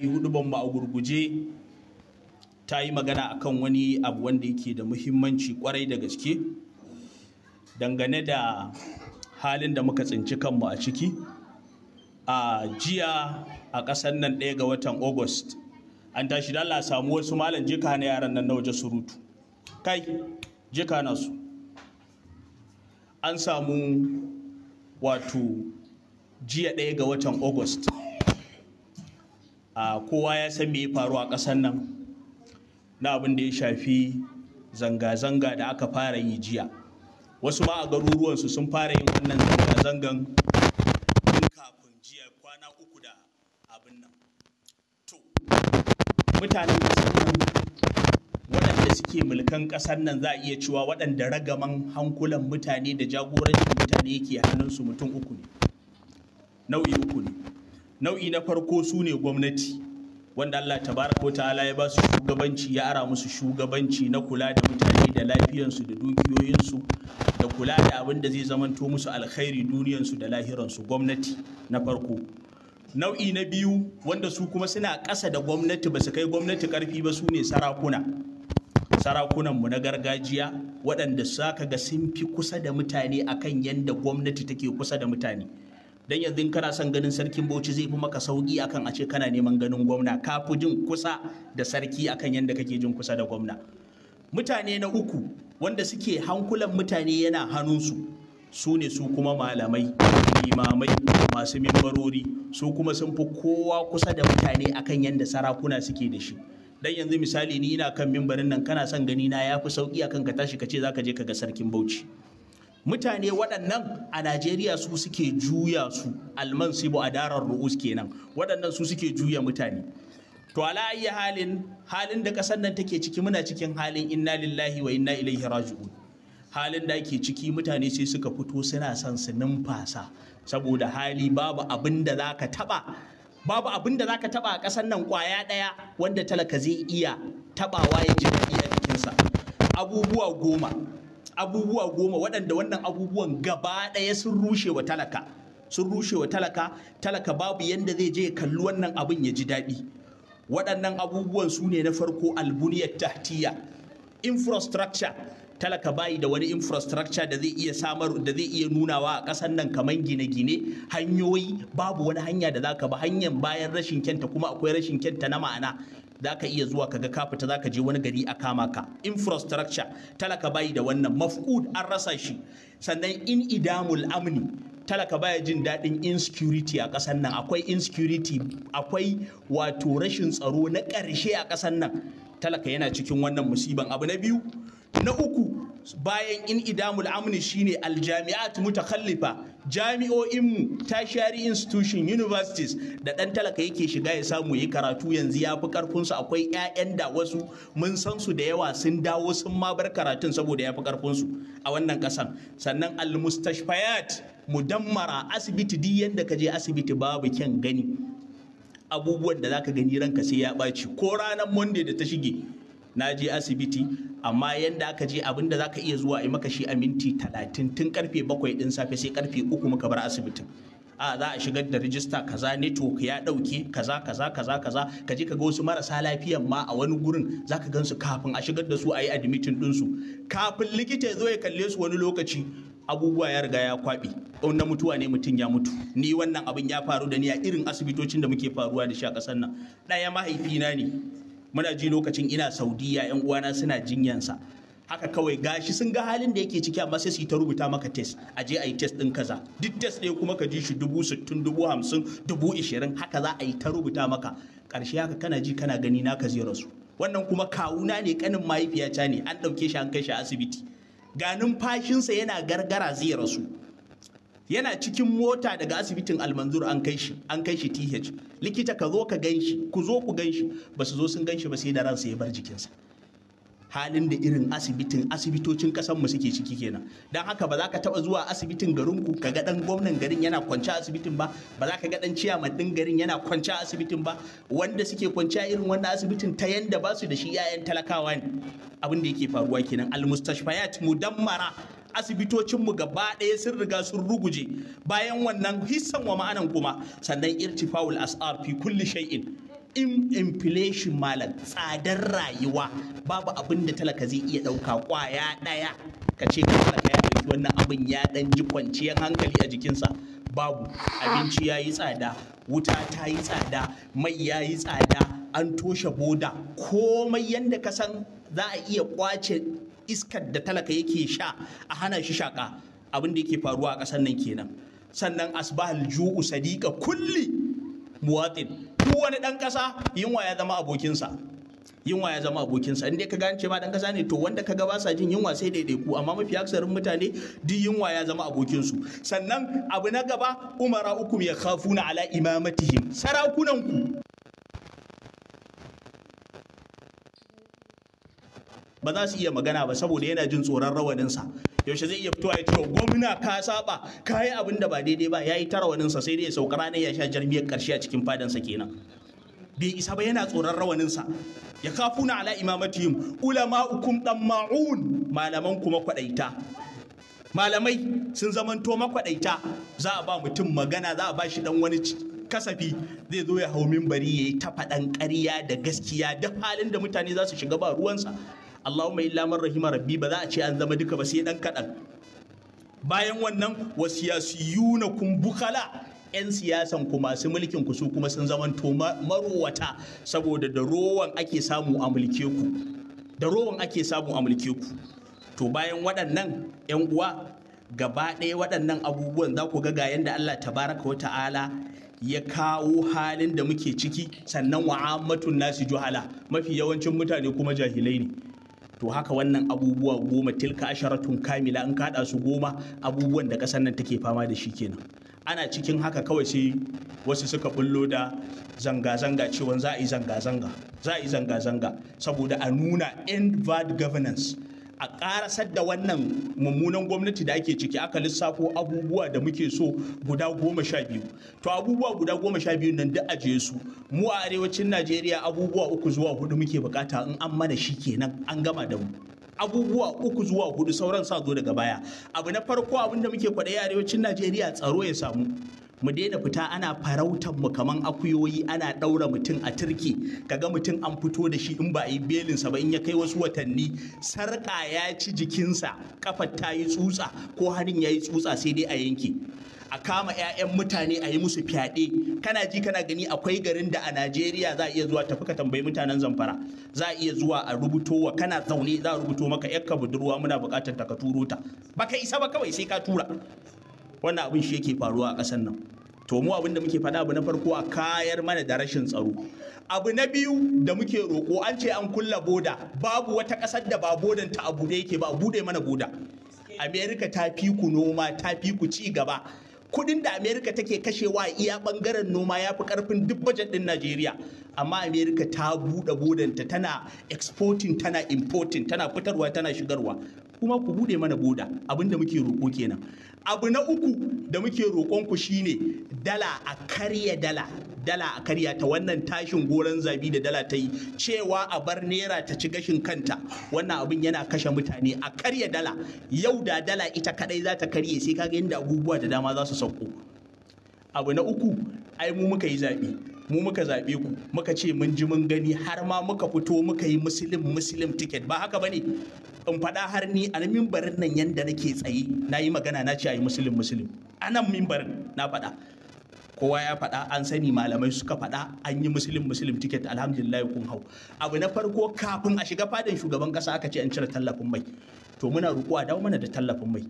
yi hudu ban a gurguje ta yi magana akan wani abu wanda yake da muhimmanci kwarai da gaske dangane da halin da muka tsinci kanmu a ciki a jiya a ƙasar nan ɗaya ga watan august an tashi da Allah samu wasu malam jika na yaran nan na waje surutu kai jika na su an samu wato jiya ɗaya ga watan august kowa ya san me ya faru a ƙasar nan na abin da ya shafi zanga-zanga da aka fara yi jiya wasu ma a garuruwansu sun fara yin wannan zanga-zangan tun kafin jiya kwana uku da abin nan to mutanen ƙasar nan waɗanda suke mulkan ƙasar nan za a iya cewa waɗanda ragaman hankulan mutane da jagorancin mutane yake hannunsu mutum uku ne nau'i uku ne nau'i na farko su ne gwamnati wanda Allah ta ta'ala ya ba su shugabanci ya ara musu shugabanci na kula da mutane da lafiyansu da dukiyoyinsu da kula da abin da zai zamanto musu alkhairi duniyansu da lahiransu gwamnati na farko nau'i na biyu wanda su kuma suna ƙasa da gwamnati ba su kai gwamnati ƙarfi ba su ne sarakuna mu na gargajiya waɗanda saka ga sun fi kusa da mutane akan yadda gwamnati take kusa da mutane Don yanzu in kana son ganin sarkin Bauchi zai fi maka sauki akan a ce kana neman ganin gwamna ka fi jin kusa da sarki akan yadda kake jin kusa da gwamna mutane na uku wanda suke hankulan mutane yana hannunsu su ne su kuma malamai imamai masu mimbarori su kuma sun fi kowa kusa da mutane akan yadda sarakuna suke da shi dan yanzu misali ni ina kan mimbarin nan kana son gani na ya fi sauki akan ka tashi ka ce zaka je ka ga sarkin Bauchi mutane waɗannan a najeriya su suke juya su almansibu a darar ru'us kenan waɗannan su suke juya mutane to ala ayi halin halin da ƙasar nan take ciki muna cikin halin inna lillahi wa inna ilaihi raji'un halin da ake ciki mutane sai suka fito suna son su numfasa saboda hali babu abin da za ka taɓa babu abin da za ka a ƙasar nan ƙwaya ɗaya wanda talaka zai iya taɓawa ya ji iya jikinsa abubuwa goma abubuwa goma waɗanda wannan abubuwan gaba ɗaya sun rushe wa talaka sun rushe wa talaka talaka babu yadda zai je ya kalli wannan abin ya ji daɗi waɗannan abubuwan su ne na farko albuniyar tahtiya infrastructure talaka bayi da wani infrastructure da zai iya samar da zai iya nunawa a ƙasar nan kamar gine-gine hanyoyi babu wani hanya da zaka ba hanyar bayan rashin kyanta kuma akwai rashin kyanta na ma'ana za ka iya zuwa kaga ka fita za ka je wani gari a kama ka infrastructure talaka bayi da wannan mafkud an rasa shi sannan in idamul amni talaka baya jin daɗin insecurity a ƙasar nan akwai insecurity akwai wato rashin tsaro na ƙarshe a ƙasar nan talaka yana cikin wannan musiban abu na biyu na uku bayan in idamul amni shine aljami'at mutakhallifa jami'o'inmu ta shari institution universities da ɗan talaka yake shiga ya samu yi karatu yanzu ya fi ƙarfinsu akwai 'ya'yan da wasu mun san su da yawa sun dawo sun ma bar karatun saboda ya fi ƙarfinsu a wannan ƙasan sannan almustashfayat mudammara asibiti duk yadda ka je asibiti babu kyan gani abubuwan da zaka gani ranka sai ya ɓaci ko ranar monday da ta shige na je asibiti amma yanda aka je abin da zaka iya zuwa a maka shi a minti talatin tun karfe bakwai din safe sai karfe uku muka bar asibitin a za a shigar da rijista kaza network ya dauke kaza kaza kaza kaza ka je ka ga wasu marasa lafiyan ma a wani gurin zaka gansu kafin a shigar da su a yi admitin din su kafin likita ya zo ya kalle su wani lokaci abubuwa ya riga ya kwaɓe na mutuwa ne mutum ya mutu ni wannan abin ya faru da ni a irin asibitocin da muke faruwa da shi a ƙasar nan ɗaya mahaifina ne muna ji lokacin ina saudiya yan uwana suna jinyansa haka kawai gashi sun ga halin da yake ciki amma sai su ta rubuta maka test a je a yi test din kaza duk test ɗaya kuma ka ji shi dubu sittin dubu hamsin dubu ishirin haka za a yi ta rubuta maka Karshe haka kana ji kana gani naka zai rasu wannan kuma kawuna ne kanin mahaifiyata ne an ɗauke shi an kai shi asibiti ga fashinsa yana gargara zai rasu yana cikin mota daga asibitin almanzur an kai shi an kai shi th likita ka zo ka ganshi ku zo ku ganshi ba su zo sun ganshi ba sai da ransa ya bar jikinsa halin da irin asibitin asibitocin kasan mu suke ciki kenan dan haka ba za ka taba zuwa asibitin garin ku ka ga dan gwamnan garin yana kwance asibitin ba ba za ka ga dan ciyaman din garin yana kwance asibitin ba wanda suke kwance irin wannan asibitin ta yanda ba su da shi yayan talakawa ne abin da yake faruwa kenan almustashfayat mudammara asibitocinmu gaba ɗaya sun riga sun ruguje bayan wannan hissan wa ma'anan kuma sannan irtifa'ul as'ar fi kulli shay'in in inflation malam tsadar rayuwa babu abin da talaka zai iya ɗauka kwaya ɗaya ka ce ka talaka ya ɗauki wannan abin ya ɗan ji kwanciyar hankali a jikinsa babu abinci ya yi tsada wuta ta yi tsada mai ya yi tsada an toshe boda komai yadda ka san za a iya kwace iskar da talaka yake sha a hana shi shaka abin da yake faruwa a ƙasar nan kenan sannan asbahal ju'u sadiqa kulli muwatin duk wani ɗan ƙasa yunwa ya zama abokinsa Yinwa ya zama abokinsa in dai ka gane cewa dan ƙasa ne to wanda kaga ba sa jin yinwa sai daidaiku amma mafi aksarin mutane duk yunwa ya zama abokinsu sannan abu na gaba umara ukum ya khafuna ala imamatihim sarakunan ku ba za su iya magana ba saboda yana jin tsoron rawaninsa yaushe zai iya fitowa ya ce oh, gwamna ka saba ka yi abin da ba daidai ba ya yi ta rawaninsa sai dai ya sauka ranar ya sha jarmiyar karshe a cikin fadansa kenan bai isa ba yana tsoron rawaninsa ya kafuna ala imamatihim ulama ukum dan ma'un malaman kuma kwadaita malamai sun zamanto makwadaita za a ba mutum magana za a ba shi dan wani kasafi zai zo ya hau mimbari ya yi ta faɗan ƙarya da gaskiya duk halin da mutane za su shiga ba ruwansa Allahumma illa man rahima rabbi ba za a ce an zama duka ba sai dan kadan bayan wannan wasiyasiyuna kun bukala 'yan siyasan ku masu mulkin ku su kuma sun zamanto marowata saboda da rowan ake samu a mulke ku da rowan ake samu a mulke ku to bayan waɗannan 'yan uwa gaba ɗaya waɗannan abubuwan za ku ga ga yanda Allah tabaraka wata'ala ya kawo halin da muke ciki sannan wa'amatun nasi juhala mafi yawancin mutane kuma jahilai ne to haka wannan abubuwa goma tilka asharatun kamila in kada su goma abubuwan da ƙasar nan take fama da shi kenan ana cikin haka kawai sai wasu suka bullo da zanga-zanga cewa za a yi zanga-zanga za a yi zanga-zanga saboda a nuna end bad governance a karasar da wannan mummunan gwamnati da ake ciki aka lissafo abubuwa da muke so guda goma sha biyu to abubuwa guda goma sha biyu nan duk ajiye su mu a arewacin najeriya abubuwa uku zuwa hudu muke bukata in an mana shi kenan an gama da mu abubuwa uku zuwa hudu sauran sa zo daga baya abu na farko abin da muke kwaɗayi arewacin najeriya tsaro ya samu mu daina fita ana farautar mu kamar akuyoyi ana ɗaura mutum a turki kaga mutum an fito da shi in ba a yi sa ba in ya kai wasu watanni sarƙa ya ci jikinsa kafar ta yi tsutsa ko hannun ya yi tsutsa sai dai a yanke a kama 'ya'yan mutane a yi musu fyaɗe kana ji kana gani akwai garin da a najeriya za a iya zuwa tafi ka tambayi mutanen zamfara za a iya zuwa a rubuto wa kana zaune za a rubuto maka yakka budurwa muna buƙatar ta ka turo ta baka isa ba kawai sai ka tura wannan abin shi yake faruwa a ƙasar nan to mu abin da muke faɗa abu na farko a kayar mana da rashin tsaro abu na biyu da muke roƙo an ce an kulla boda babu wata ƙasar da ba bodan ta a buɗe yake ba bude mana boda amerika ta fi ku noma ta fi ku ci gaba kudin da amerika take kashewa iya ɓangaren noma ya fi karfin duk bajet ɗin najeriya amma amerika ta buɗe bodanta tana exporting tana importing tana fitarwa tana shigarwa kuma ku bude mana boda abin da muke roƙo kenan abu na uku da muke roƙon ku shine dala a karya dala dala a karya ta wannan tashin goron zabi da dala ta yi cewa a bar naira ta ci gashin kanta wannan abin yana kashe mutane a karya dala yau da dala ita kadai za ta karye sai kaga yadda abubuwa da dama za su sauko abu na uku ai mu muka yi zaɓe mu muka zaɓe ku muka ce mun ji mun gani har ma muka fito muka yi musulun musulun ticket ba haka ba ne? in faɗa har ni a mimbarin nan yanda nake tsaye na yi magana na ce a yi musulun musulun. a nan mimbarin na faɗa kowa ya faɗa an sani malamai suka faɗa an yi musulun musulun tiket alhamdulillah kun hau abu na farko kafin a shiga fadin shugaban ƙasa aka ce an cire tallafin mai to muna rukuwa dawo mana da tallafin mai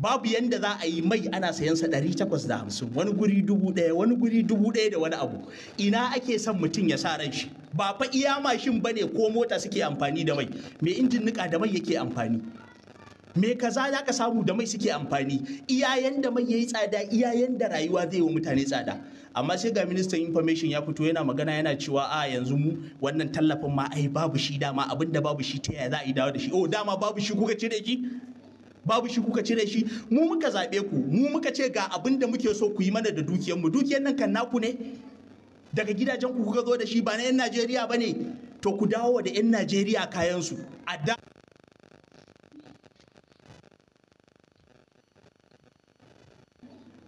babu yanda za a yi mai ana sayan sa 850 wani guri dubu ɗaya wani guri dubu ɗaya da wani abu ina ake son mutum ya sa ran shi ba fa iya mashin bane ko mota suke amfani da mai me injin nika da mai yake amfani me kaza za ka samu da mai suke amfani iyayen da mai yayi tsada iyayen da rayuwa zai wa mutane tsada amma sai ga ministan information ya fito yana magana yana cewa a yanzu mu wannan tallafin ma ai babu shi dama abinda babu shi ta yaya za a yi dawo da shi oh dama babu shi kuka ce da ki babu shi kuka cire shi mu muka zaɓe ku mu muka ce ga abin da muke so ku yi mana da dukiyar mu dukiyar nan kan naku ne daga gidajen ku kuka zo da shi ba na yan Najeriya ba ne to ku dawo da yan Najeriya kayan su a da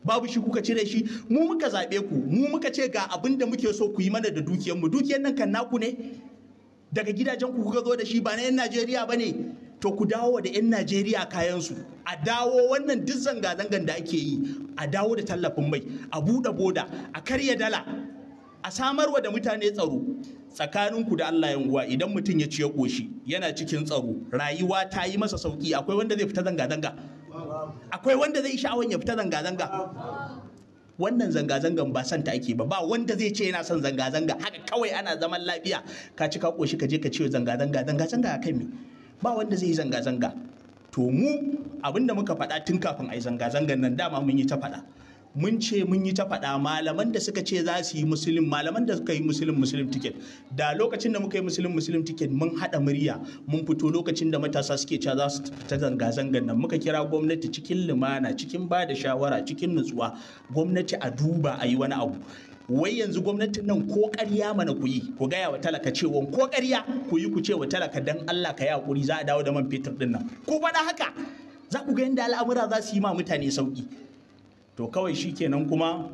babu shi kuka cire shi mu muka zaɓe ku mu muka ce ga abin da muke so ku yi mana da dukiyar mu dukiyar nan kan naku ne daga gidajen ku kuka zo da shi ba na yan Najeriya ba ne to ku dawo da 'yan najeriya kayansu a dawo wannan duk zanga-zangan da ake yi a dawo da tallafin mai a buɗe boda a karya dala a samarwa da mutane tsaro tsakaninku da Allah yanguwa idan mutum ya ci ya ƙoshi yana cikin tsaro rayuwa ta yi masa sauƙi akwai wanda zai fita zanga-zanga akwai wanda zai sha'awan ya fita zanga-zanga wannan zanga-zangan ba son ta ake ba ba wanda zai ce yana son zanga-zanga haka kawai ana zaman lafiya ka ci ka ƙoshi ka je ka ce zanga-zanga zanga-zanga a kan me ba wanda zai yi zanga-zanga to mu abinda muka faɗa tun kafin a yi zanga-zangan nan dama mun yi ta faɗa mun ce mun yi ta faɗa malaman da suka ce za su yi musulun malaman da suka yi musulun musulun ticket da lokacin da muka yi musulun musulun ticket mun haɗa murya mun fito lokacin da matasa suke cewa za su ta zanga-zangan nan muka kira gwamnati cikin lumana cikin ba da shawara cikin nutsuwa gwamnati a duba a yi wani abu wai yanzu gwamnatin nan ko ƙarya mana ku yi ku gaya wa talaka cewa ko ƙarya ku yi ku ce wa talaka dan Allah ka yi hakuri za a dawo da man fetur din nan ku faɗa haka za ku ga yadda al'amura za su yi ma mutane sauƙi to kawai shi kenan kuma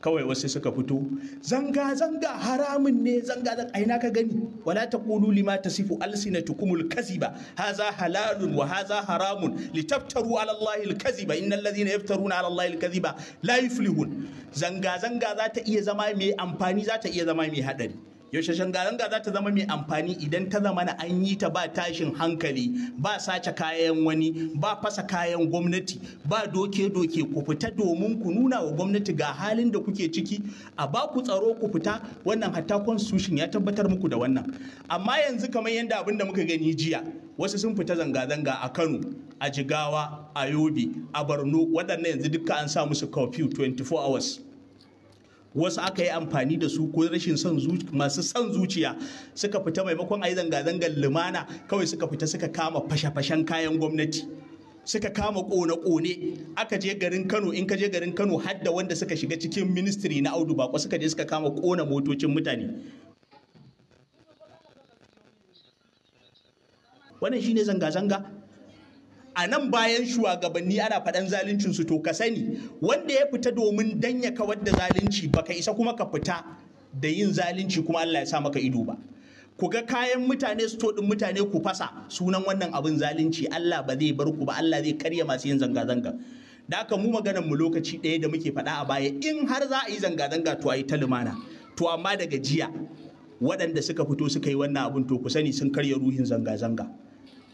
kawai wasu suka fito zanga zanga haramun ne zanga zanga aina ka gani wala kulu lima alsina tukumul kaziba haza halalun wa haza haramun litaftaru ala allahi alkaziba innal ladhina na ala allahi alkaziba la yuflihun zanga zanga za ta iya zama mai amfani za ta iya zama mai haɗari. yaushe zanga za ta zama mai amfani idan ta zama na an yi ta ba tashin hankali ba sace kayan wani ba fasa kayan gwamnati ba doke-doke ku fita domin ku nuna wa gwamnati ga halin da kuke ciki a ba ku tsaro ku fita wannan hatta constitution ya tabbatar muku da wannan amma yanzu kamar yadda abin da muka gani jiya wasu sun fita zanga-zanga a kano a jigawa a yobe a borno waɗannan yanzu duka an sa musu curfew 24 hours wasu aka yi amfani da su ko rashin son masu son zuciya suka fita maimakon a yi zanga-zangar lumana kawai suka fita suka kama fashe-fashen kayan gwamnati suka kama kone-kone aka je garin kano in ka je garin kano hadda wanda suka shiga cikin ministry na audu bako suka je suka kama kona motocin mutane wannan shine zanga-zanga a nan bayan shugabanni ana faɗan zaluncin su to ka sani wanda ya fita domin danya kawar da zalunci baka isa kuma ka fita da yin zalunci kuma Allah ya sa maka ido ba ku ga kayan mutane su din mutane ku fasa sunan wannan abin zalunci Allah ba zai bar ku ba Allah zai karya masu yin zanga zanga da haka mu maganar mu lokaci ɗaya da muke faɗa a baya in har za a yi zanga zanga to ayi ta lumana to amma daga jiya waɗanda suka fito suka yi wannan abin to ku sani sun karya ruhin zanga zanga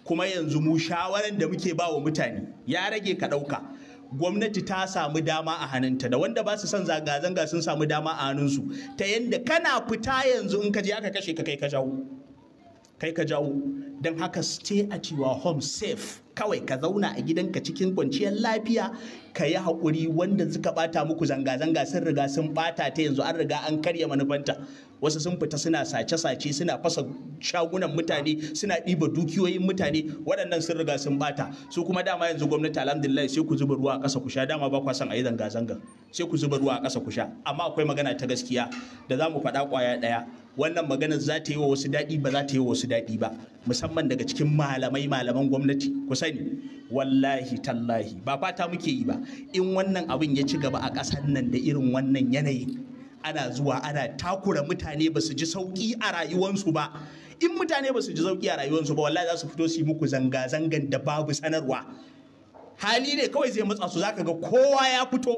kuma yanzu mu shawarar da muke ba wa mutane ya rage ka ɗauka gwamnati ta samu dama a hannunta da wanda ba su son zanga-zanga sun samu dama a hannunsu ta yadda kana fita yanzu in ka je aka kashe ka kai ka jawo kai ka jawo don haka stay at your home safe kawai ka zauna a gidanka cikin kwanciyar lafiya ka yi haƙuri wanda suka bata muku zanga-zanga sun riga sun ɓata ta yanzu an riga an karya manufanta wasu sun fita suna sace-sace suna fasa shagunan mutane suna ɗiba dukiyoyin mutane waɗannan sun riga sun ɓata su kuma dama yanzu gwamnati alhamdulillah sai ku zuba ruwa a ƙasa ku sha dama ba kwa son a yi zanga-zanga sai ku zuba ruwa a ƙasa ku amma akwai magana ta gaskiya da za mu faɗa ƙwaya ɗaya wannan maganar za ta yi wa wasu daɗi ba za ta yi wa wasu daɗi ba musamman daga cikin malamai malaman gwamnati ku sani wallahi tallahi ba fata muke yi ba in wannan abin ya ci gaba a ƙasar nan da irin wannan yanayi ana zuwa ana takura mutane ba su ji sauƙi a rayuwarsu ba in mutane ba su ji sauƙi a rayuwarsu ba wallahi za su fito su yi muku zanga-zangan da babu sanarwa hali ne kawai zai matsa su zaka ga kowa ya fito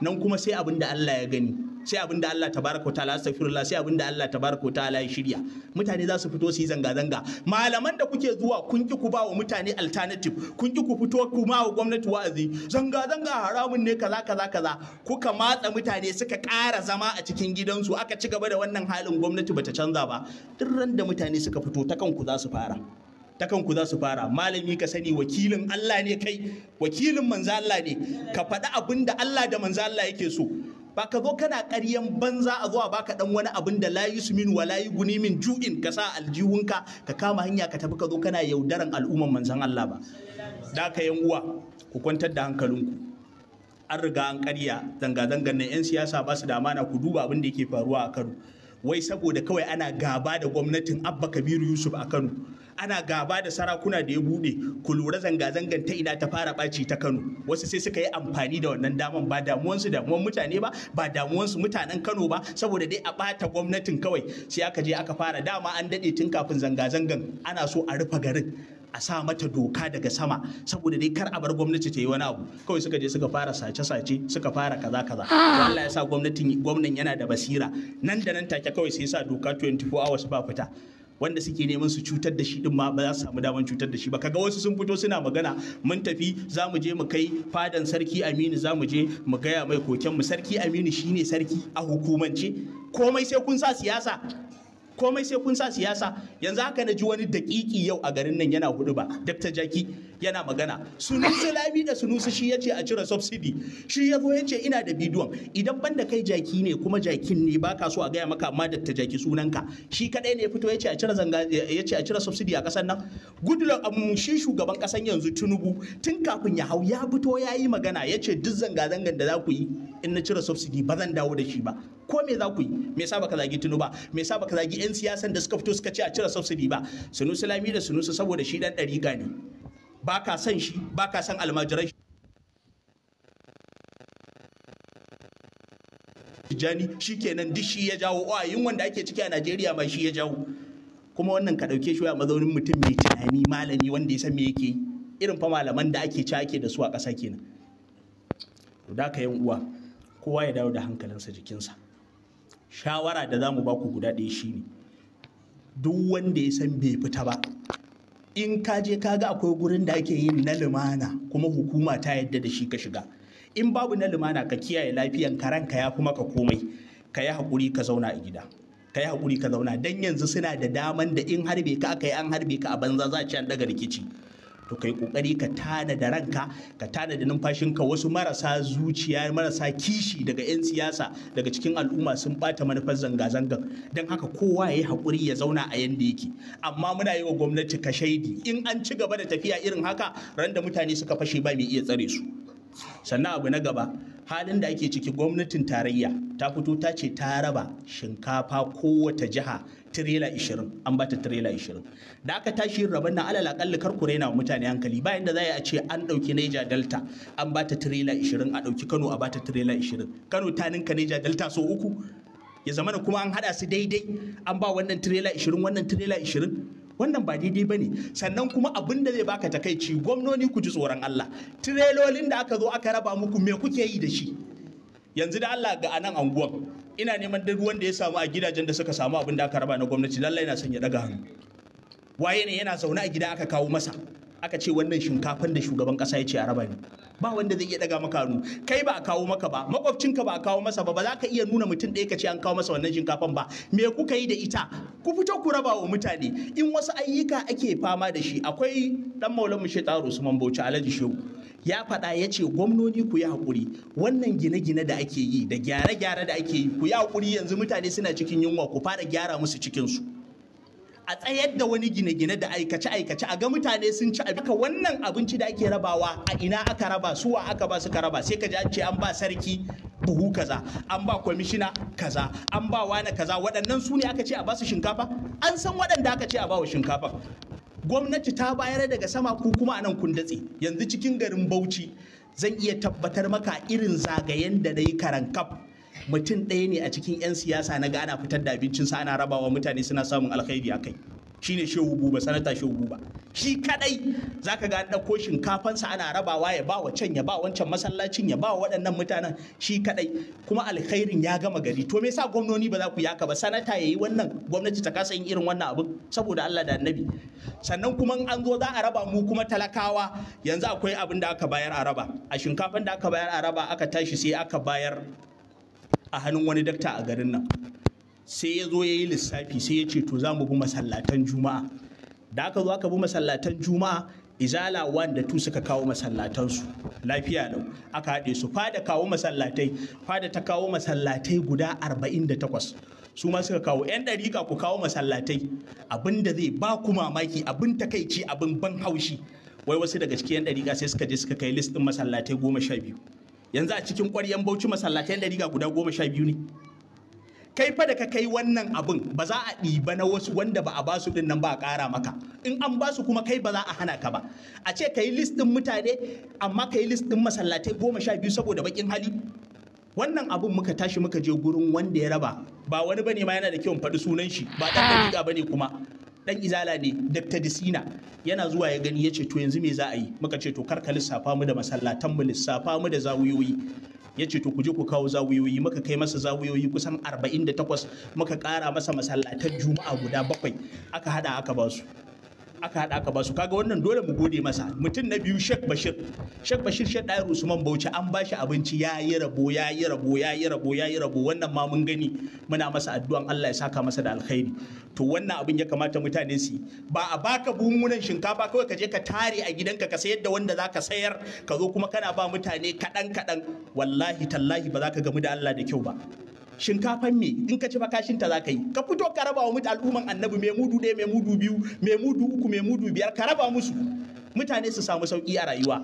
nan kuma sai abin da Allah ya gani sai abin da Allah tabaraka wa ta'ala astaghfirullah sai abin da Allah tabaraka wa ta'ala ya shirya mutane za su fito su yi zanga zanga malaman da kuke zuwa kun ki ku ba wa mutane alternative kun ki ku fito ku ma wa gwamnati wa'azi zanga zanga haramun ne kaza kaza kaza kuka matsa mutane suka ƙara zama a cikin gidansu aka ci gaba da wannan halin gwamnati bata canza ba duk randa mutane suka fito ta kanku za su fara ta kanku za su fara malami ka sani wakilin Allah ne kai wakilin manzo Allah ne ka faɗi abin da Allah da manzo Allah yake so ba ka zo kana ƙaryan banza a zuwa baka dan wani abin da layi yusmin wa layi guni min ju'in ka sa aljihunka ka kama hanya ka tafi ka zo kana yaudaran al'umman manzon Allah ba da ka yan uwa ku kwantar da hankalinku an riga an ƙarya zanga-zangar nan 'yan siyasa ba su da amana ku duba abin da yake faruwa a Kano wai saboda kawai ana gaba da gwamnatin abba kabiru yusuf a kano ana gaba da sarakuna da ya buɗe ku lura zanga-zangan ta ina ta fara ɓaci ta Kano wasu sai suka yi amfani da wannan daman ba damuwansu damuwan mutane ba ba damuwansu mutanen Kano ba saboda dai a ɓata gwamnatin kawai sai aka je aka fara dama an daɗe tun kafin zanga-zangan ana so a rufe garin a sa mata doka daga sama saboda dai kar a bar gwamnati ta yi wani abu kawai suka je suka fara sace-sace suka fara kaza-kaza Allah ya sa gwamnatin gwamnan yana da basira nan da nan take kawai sai sa doka 24 hours ba fita wanda suke neman su cutar da shi din ma ba za su samu damar cutar da shi ba kaga wasu sun fito suna magana mun tafi za mu je mu kai fadan sarki aminu za mu je mu gaya mai koken mu sarki aminu shine sarki a hukumance komai sai kun sa siyasa komai sai kun sa siyasa yanzu haka na ji wani dakiki yau a garin nan yana hudu ba Dr. Jaki yana magana sunusu lami da sunusu shi yace a cire subsidy shi yazo yace ina da bidiyon idan ban da kai jaki ne kuma jakin ne baka so a gaya maka amma Dr. Jaki sunanka shi kadai ne ya fito yace a cire zanga yace a cire subsidy a kasar nan Goodluck um, shi shugaban kasan yanzu Tinubu tun kafin ya hau ya fito yayi magana yace duk zanga zangan da za ku yi in na cire subsidy ba zan dawo da shi ba ko me za ku yi me yasa baka zagi tunu ba me yasa baka zagi yan siyasan da suka fito suka ce a cire subsidy ba sunusu lami da sunusu saboda shi dan dari ne ba ka san shi ba ka san almajiran shi shi kenan duk shi ya jawo yin wanda ake ciki a Najeriya ma shi ya jawo kuma wannan ka ɗauke shi a mazaunin mutum mai tunani malami wanda ya san me yake irin fa malaman da ake ci ake da su a ƙasa kenan to da ka yan uwa kowa ya dawo da hankalinsa jikinsa shawara da za mu ba ku guda ɗaya shi ne. duk wanda ya san bai fita ba in ka je ka ga akwai gurin da ake yin na lumana kuma hukuma ta yadda da shi ka shiga in babu na lumana ka kiyaye lafiyan ka ya fi maka komai ka yi haƙuri ka zauna a gida ka yi haƙuri ka zauna don yanzu suna da daman da in harbe ka aka yi an harbe ka a banza za a ci an daga rikici to kai kokari ka tada da ranka ka tada da numfashinka wasu marasa zuciya marasa kishi daga 'yan siyasa daga cikin al'umma sun bata manufar zanga-zangan don haka kowa ya yi haƙuri ya zauna a yanda yake amma muna yi wa gwamnati kashaidi in an ci gaba da tafiya irin haka ran da mutane suka fashe ba mai iya tsare su sannan abu na gaba halin da ake ciki gwamnatin tarayya ta fito ta ce ta raba shinkafa kowace jiha tirela 20 an bata tirela 20 da aka tashi rabon na alal akalli kar ku raina mutane hankali bayan da za a ce an dauki Niger Delta an bata tirela 20 a dauki Kano a bata tirela 20 Kano ta ninka Niger Delta so uku ya zamana kuma an hada su daidai an ba wannan tirela 20 wannan tirela 20 wannan ba daidai bane sannan kuma abin da zai baka takaici gwamnoni ku ji tsoron Allah tirelolin da aka zo aka raba muku me kuke yi da shi yanzu da Allah ga anan anguwan ina neman duk wanda ya samu a gidajen da suka samu abin da aka raba na gwamnati lallai na son ya daga hannu waye ne yana zaune a gida aka kawo masa aka ce wannan shinkafan da shugaban kasa ya ce a raba ni ba wanda zai iya daga maka hannu kai ba a kawo maka ba makwabcinka ba a kawo masa ba ba za ka iya nuna mutum ɗaya ka ce an kawo masa wannan shinkafan ba me kuka yi da ita ku fito ku raba wa mutane in wasu ayyuka ake fama da shi akwai dan maulan mushe tsaro usman bauchi alhaji shehu ya faɗa ya ce gwamnoni ku yi haƙuri wannan gine-gine da ake yi da gyare-gyare da ake yi ku yi hakuri yanzu mutane suna cikin yunwa ku fara gyara musu cikinsu a tsayar da wani gine-gine da aikace-aikace a ga mutane sun ci abin wannan abinci da ake rabawa a ina aka raba su wa aka ba suka raba sai ka ji an ce an ba sarki buhu kaza an ba kwamishina kaza an ba wani kaza waɗannan su ne aka ce a ba su shinkafa an san waɗanda aka ce a ba wa shinkafa gwamnati ta bayar daga sama ko kuma anan kun datse yanzu cikin garin bauchi zan iya tabbatar maka irin zagayen da na yi karankaf mutum ɗaya ne a cikin 'yan siyasa na gana fitar da abincin sa ana rabawa mutane suna samun alkhairi a kai Shi ne shehu buba sanata shehu buba shi kadai zaka ga ɗauko shinkafansa ana rabawa ya ba wa can ya ba wancan masallacin ya ba wa waɗannan mutanen shi kadai kuma alkhairin ya gama gari to me yasa gwamnoni ba za ku yaka ba sanata ya yi wannan gwamnati ta kasa yin irin wannan abin saboda Allah da annabi sannan kuma an zo za a raba mu kuma talakawa yanzu akwai abin da aka bayar a raba a shinkafan da aka bayar a raba aka tashi sai aka bayar a hannun wani dakta a garin nan sai ya zo ya yi lissafi sai ya ce to za mu bi masallatan juma'a da aka zo aka bi masallatan juma'a izala wan da tu suka kawo masallatansu lafiya lau aka haɗe su fada kawo masallatai fada ta kawo masallatai guda 48 su ma suka kawo 'yan ɗarika ku kawo masallatai abin da zai ba ku mamaki abin takaici abin ban haushi wai wasu daga cikin 'yan ɗariƙa sai suka je suka kai list ɗin masallatai goma sha biyu yanzu a cikin ƙwaryen bauchi masallatai da riga guda goma sha biyu ne kai fa da ka kai wannan abin ba za a ɗiba na wasu wanda ba a ba su nan ba a ƙara maka in an ba su kuma kai ba za a hana ka ba a ce ka yi list ɗin mutane amma ka yi list ɗin masallatai goma sha biyu saboda baƙin hali wannan abin muka tashi muka je gurin wanda ya raba ba wani bane ma yana da kyau faɗi sunan shi ba ɗan ba ne kuma Ɗan izala ne Dr. Disina yana zuwa ya gani ya ce to yanzu me za a yi muka ce to karka lissafa mu da masallatan mu lissafa mu da zawiyoyi ya ce to ku je ku kawo zawiyoyi muka kai masa zawiyoyi kusan 48 muka kara masa masallatan juma'a guda bakwai aka hada aka ba su aka haɗa aka su kaga wannan dole mu gode masa mutum na biyu shek Bashir shek Bashir shek Dair Usman Bauchi an ba shi abinci Ya yi rabo ya yi rabo ya yi rabo ya yi rabo wannan ma mun gani muna masa addu'an Allah ya saka masa da alkhairi to wannan abin ya kamata mutane su ba a baka buhunan shinkafa kawai ka je ka tare a gidanka ka sayar da wanda zaka sayar ka zo kuma kana ba mutane kaɗan kaɗan wallahi tallahi ba za ka gamu da Allah da kyau ba shinkafan me in ka ci fa kashin ta zaka yi ka fito ka raba wa mutane al'umman annabi me mudu ɗaya me mudu biyu me mudu uku me mudu biyar ka raba musu mutane su samu sauki a rayuwa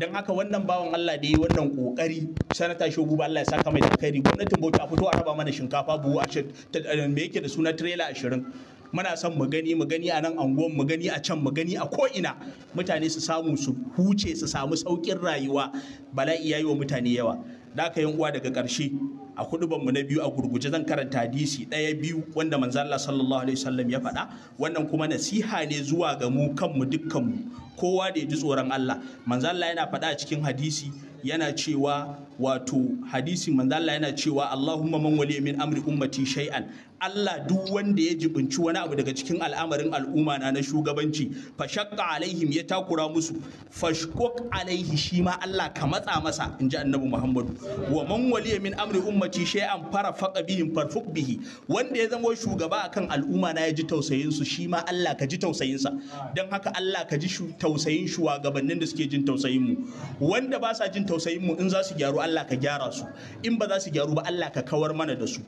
dan haka wannan bawan Allah da yi wannan kokari sanata shogu ba Allah ya saka mai alkhairi gwamnatin Bauchi a fito a raba mana shinkafa buhu ashirin eh, me yake da suna trailer ashirin muna son mu gani mu gani a nan anguwan mu gani a can mu gani a ko ina mutane su samu su huce su samu saukin rayuwa bala'i yayi wa mutane yawa da aka yin uwa daga ƙarshe a kuduban mu na biyu a gurguje zan karanta hadisi ɗaya biyu wanda manzo Allah sallallahu alaihi wasallam ya faɗa wannan kuma nasiha ne zuwa ga mu kanmu dukkan kowa da ya ji tsoron Allah manzo Allah yana faɗa a cikin hadisi yana cewa wato hadisi manzo Allah yana cewa Allahumma man wali min amri ummati shay'an Allah duk wanda ya jibinci wani abu daga cikin al'amarin al'umma na na shugabanci fa shaqqa alaihim ya takura musu fashkuk alaihi shi ma Allah ka matsa masa inji annabi Muhammadu wa man wali min amri ummati shi an fara faka biyun farfuk bihi wanda ya zama shugaba akan al'umma na ya ji tausayin su shi ma Allah ka ji tausayin sa dan haka Allah ka ji tausayin shugabannin da suke jin tausayin mu wanda ba sa jin tausayin mu in za su gyaru Allah ka gyara su in ba za su gyaru ba Allah ka kawar mana da su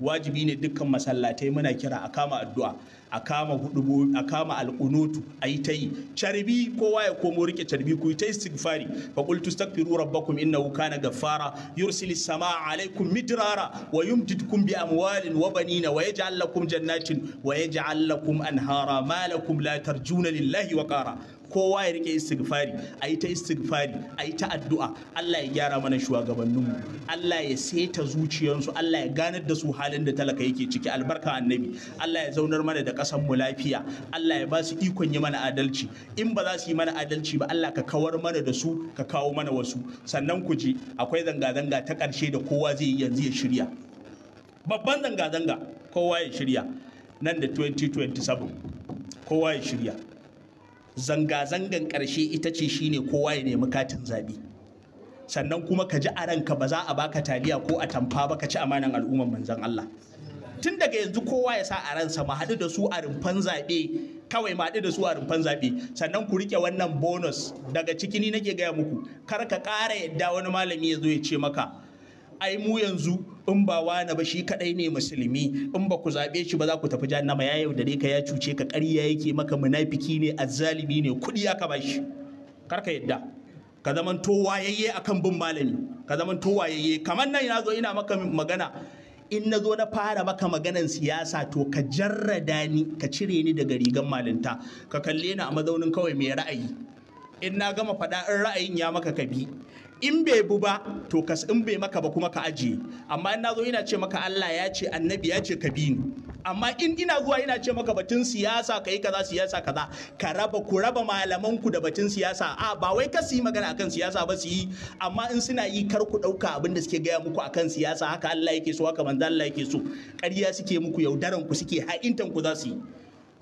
wajibi ne dukkan masallatai muna kira a kama addu'a a kama hudubu a kama alqunutu ayi ta yi carbi kowa ya komo rike carbi ku ta istighfari fa qultu astaghfiru rabbakum innahu kana ghaffara yursilis samaa alaykum midrara wa yumdidkum bi amwalin wa banina wa yaj'al lakum jannatin wa yaj'al lakum anhara ma lakum la tarjuna lillahi wa qara kowa ya rike istighfari a yi ta istighfari a yi ta addu'a Allah ya gyara mana shugabanninmu Allah ya saita zuciyarsu Allah ya ganar da su halin da talaka yake ciki albarka annabi Allah ya zaunar mana da ƙasar mu lafiya Allah ya ba su ikon yi mana adalci in ba za su yi mana adalci ba Allah ka kawar mana da su ka kawo mana wasu sannan ku ji akwai zanga-zanga ta ƙarshe da kowa zai yi yanzu ya shirya babban zanga-zanga kowa ya shirya nan da 2027 kowa ya shirya zanga-zangan ƙarshe ita ce shine kowa ya nemi katin zaɓe sannan kuma ka ji a ranka ba za a baka taliya ko a tamfa ba ka ci amanan al'umman manzon Allah tun daga yanzu kowa ya sa a ransa mu haɗu da su a rumfan zaɓe kawai ma da su a rumfan zaɓe sannan ku rike wannan bonus daga ciki ni nake gaya muku kar ka ƙara yadda wani malami ya zo ya ce maka ai mu yanzu in ba wani ba shi kadai ne musulmi in ba ku zaɓe shi ba za ku tafi jahannama ya yaudare ka ya cuce ka ƙarya yake maka munafiki ne azzalimi ne kuɗi ya ka bashi kar ka yadda ka zaman to wayayye akan bin malami ka zaman to wayayye kamar nan yazo zo ina maka magana in na zo na fara maka maganan siyasa to ka jarrada ni ka cire ni daga rigan malinta ka kalle ni a mazaunin kawai mai ra'ayi in na gama faɗa in ra'ayin ya maka ka bi in bai bu ba to ka in bai maka ba kuma ka ajiye amma in na zo ina ce maka Allah ya ce annabi ya ce ka bi ni amma in ina zuwa ina ce maka batun siyasa kai kaza siyasa kaza ka raba ku raba malaman ku da batun siyasa a ba wai ka magana akan siyasa ba su yi amma in suna yi kar ku dauka abin da suke gaya muku akan siyasa haka Allah yake so haka manzo Allah yake so ƙarya suke muku yaudaran ku suke ha'intan ku za su yi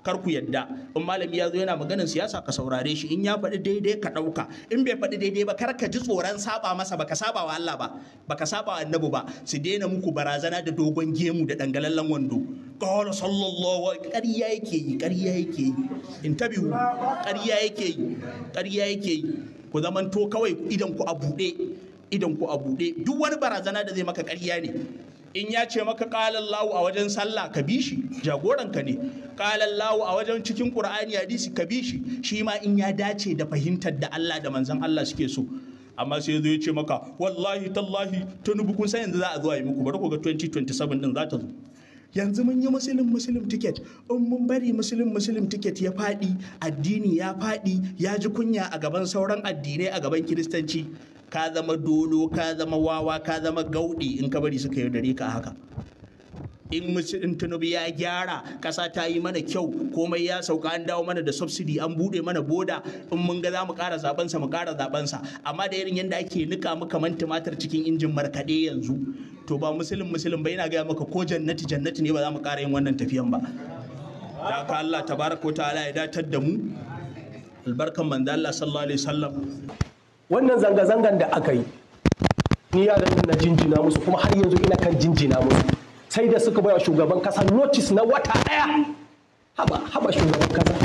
kar ku yadda in malami ya zo yana maganin siyasa ka saurare shi in ya faɗi daidai ka ɗauka in bai faɗi daidai ba kar ka ji tsoron saba masa baka saba wa Allah ba baka saba wa annabi ba su daina muku barazana da dogon gemu da dangalallan wando qala sallallahu alaihi ƙarya yake yi ƙarya yake yi intabihu ƙarya yake yi ƙarya yake yi ku zamanto kawai idan ku a buɗe idan ku a duk wani barazana da zai maka ƙarya ne in ya ce maka ƙalan lawu a wajen sallah ka bi shi jagoranka ne ƙalan lawu a wajen cikin ƙur'ani hadisi ka bi shi shi ma in ya dace da fahimtar da Allah da manzon Allah suke so amma sai zo ya ce maka wallahi tallahi tunubu kun san yanzu za a zo a yi muku bari ku ga 2027 din za ta zo yanzu mun yi musulun musulun ticket in mun bari musulun musulun ticket ya faɗi addini ya faɗi ya ji kunya a gaban sauran addinai a gaban kiristanci ka zama dolo ka zama wawa ka zama gaudi in ka bari suka yaudare ka haka in in tunubi ya gyara kasa ta yi mana kyau komai ya sauka an dawo mana da subsidy an bude mana boda in mun ga za mu ƙara zabensa mu ƙara zabensa amma da irin yadda ake nika mu kaman tumatir cikin injin markaɗe yanzu to ba musulun musulun ba yana gaya maka ko jannati jannati ne ba za mu kara yin wannan tafiyan ba da ka Allah tabaraka ta'ala ya datar da mu albarkan manzo Allah sallallahu alaihi wasallam wannan zanga-zangan da aka yi ni da na jinjina musu kuma har yanzu ina kan jinjina musu sai da suka baya shugaban kasa notice na wata daya haba haba shugaban kasa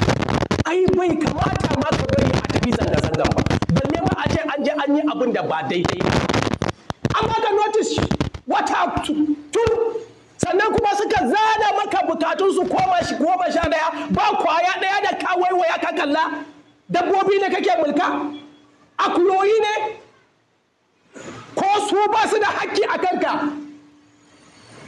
ai bai kamata ma ka bari a tafi zanga-zangan ba balle ma a ce an je an yi abin da ba daidai ba an ka notice wata tun sannan kuma suka zana maka bukatun su koma shi koma sha daya ba kwaya daya da ka waiwaya ka kalla dabbobi ne kake mulka akuyoyi ne ko su ba su da haƙƙi a kanka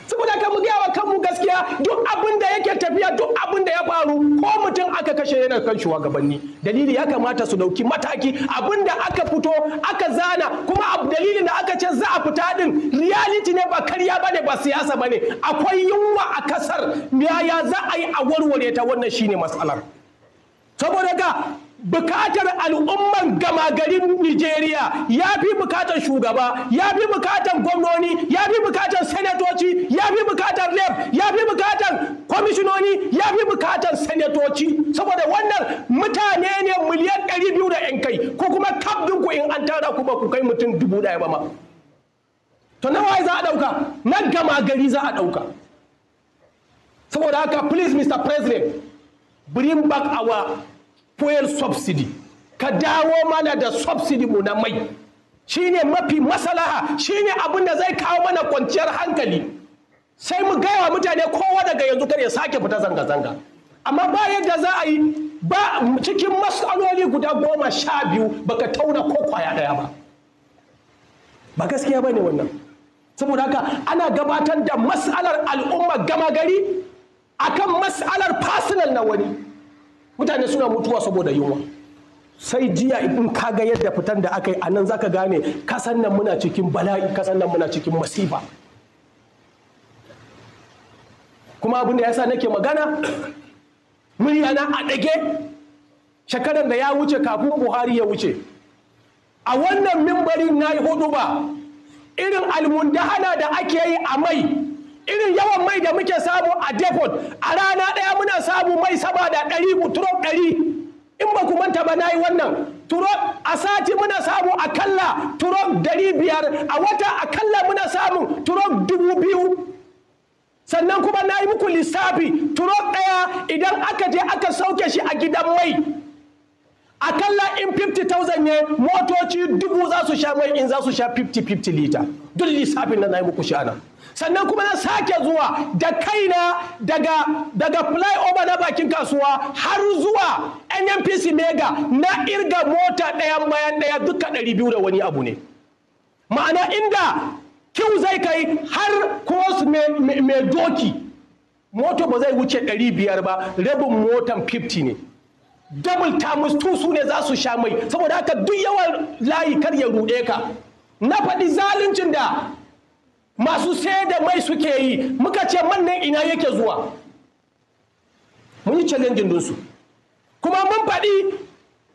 saboda ka mu gaya wa kanmu gaskiya duk abin da yake tafiya duk abin da ya faru ko mutum aka kashe yana kan shugabanni dalili ya kamata su dauki mataki abin da aka fito aka zana kuma dalilin da aka ce za a fita din reality ne ba karya ba ne ba siyasa ba ne akwai yunwa a kasar yaya za a yi a warware ta wannan shine matsalar saboda ka bukatar al'umman gama garin Nijeriya ya fi bukatar shugaba, ya fi bukatar gwamnoni, ya fi bukatar senatoci, ya fi bukatar rep, ya fi bukatar kwamishinoni, ya fi bukatar senatoci. Saboda wannan mutane ne miliyan ɗari biyu da ‘yan kai, ko kuma kabdin ku in an tara ku ba ku kai mutum dubu ɗaya ba ma. To na waye za a ɗauka? Na gama gari za a ɗauka. Saboda haka, please Mr. President, bring back our fuel subsidy ka dawo mana da subsidy mu na mai shine mafi masalaha shine abin da zai kawo mana kwanciyar hankali sai mu gaya mutane kowa daga yanzu kar ya sake fita zanga-zanga amma ba yadda za a yi ba cikin matsaloli guda goma sha biyu baka tauna ko kwaya daya ba ba gaskiya ba ne wannan saboda haka ana gabatar da masalar al'umma gama gari akan masalar fasinal na wani mutane suna mutuwa saboda yunwa sai jiya in ka ga yadda fitan da aka yi a nan zaka gane kasan nan muna cikin bala'i kasan nan muna cikin masifa kuma abin da ya yasa nake magana muryana a ɗage shekaran da ya wuce kafin buhari ya wuce a wannan mimbarin na yi hudu ba irin almundahana da ake yi a mai irin yawan mai da muke sabu a depot a rana ɗaya muna samu mai saba da ɗari turo ɗari in ba ku manta ba na yi wannan turo a sati muna samu akalla turo dari biyar a wata akalla muna samun turo dubu biyu sannan kuma na yi muku lissafi turo ɗaya idan aka je aka sauke shi a gidan mai akalla in 50,000 ne motoci dubu za su sha mai in za su sha 50-50 lita duk lissafin na na yi muku shi sannan kuma na sake zuwa da kaina daga daga flyover na bakin kasuwa har zuwa NNPC mega na irga mota ɗaya bayan ɗaya duka ɗari biyu da wani abu ne ma'ana inda kiw zai kai har cross mai doki moto ba zai wuce ɗari biyar ba rabin motan 50 ne double times two su ne za su sha mai saboda haka duk yawan layi kar ya rude ka na faɗi zaluncin da masu sai da mai suke yi muka ce mannan ina yake zuwa mun yi challenge su. kuma mun faɗi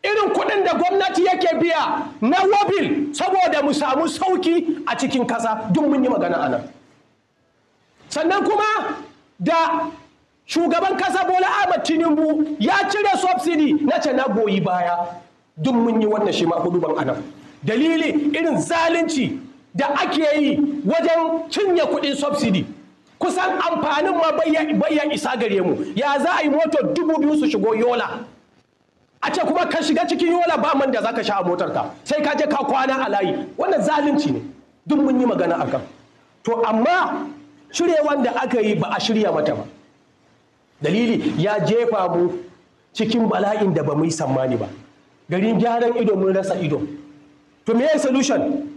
irin kuɗin da gwamnati yake biya na wobil saboda mu samu sauki a cikin ƙasa duk mun yi magana anan sannan kuma da shugaban ƙasa bola ahmad tinubu ya cire subsidy na ce na goyi baya duk mun yi wannan shi ma anan dalili irin zalunci da ake yi wajen cinye kuɗin subsidy kusan amfanin ma bayya isa gare mu ya za a yi moto dubu biyu su shigo yola a ce kuma ka shiga cikin yola ba man da za ka sha a ka sai ka je ka kwana a layi wannan zalunci ne duk mun yi magana akan to amma shirye wanda aka yi ba a shirya mata ba dalili ya jefa mu cikin bala'in da ba mu yi sammani ba garin gyaran ido mun rasa ido to me solution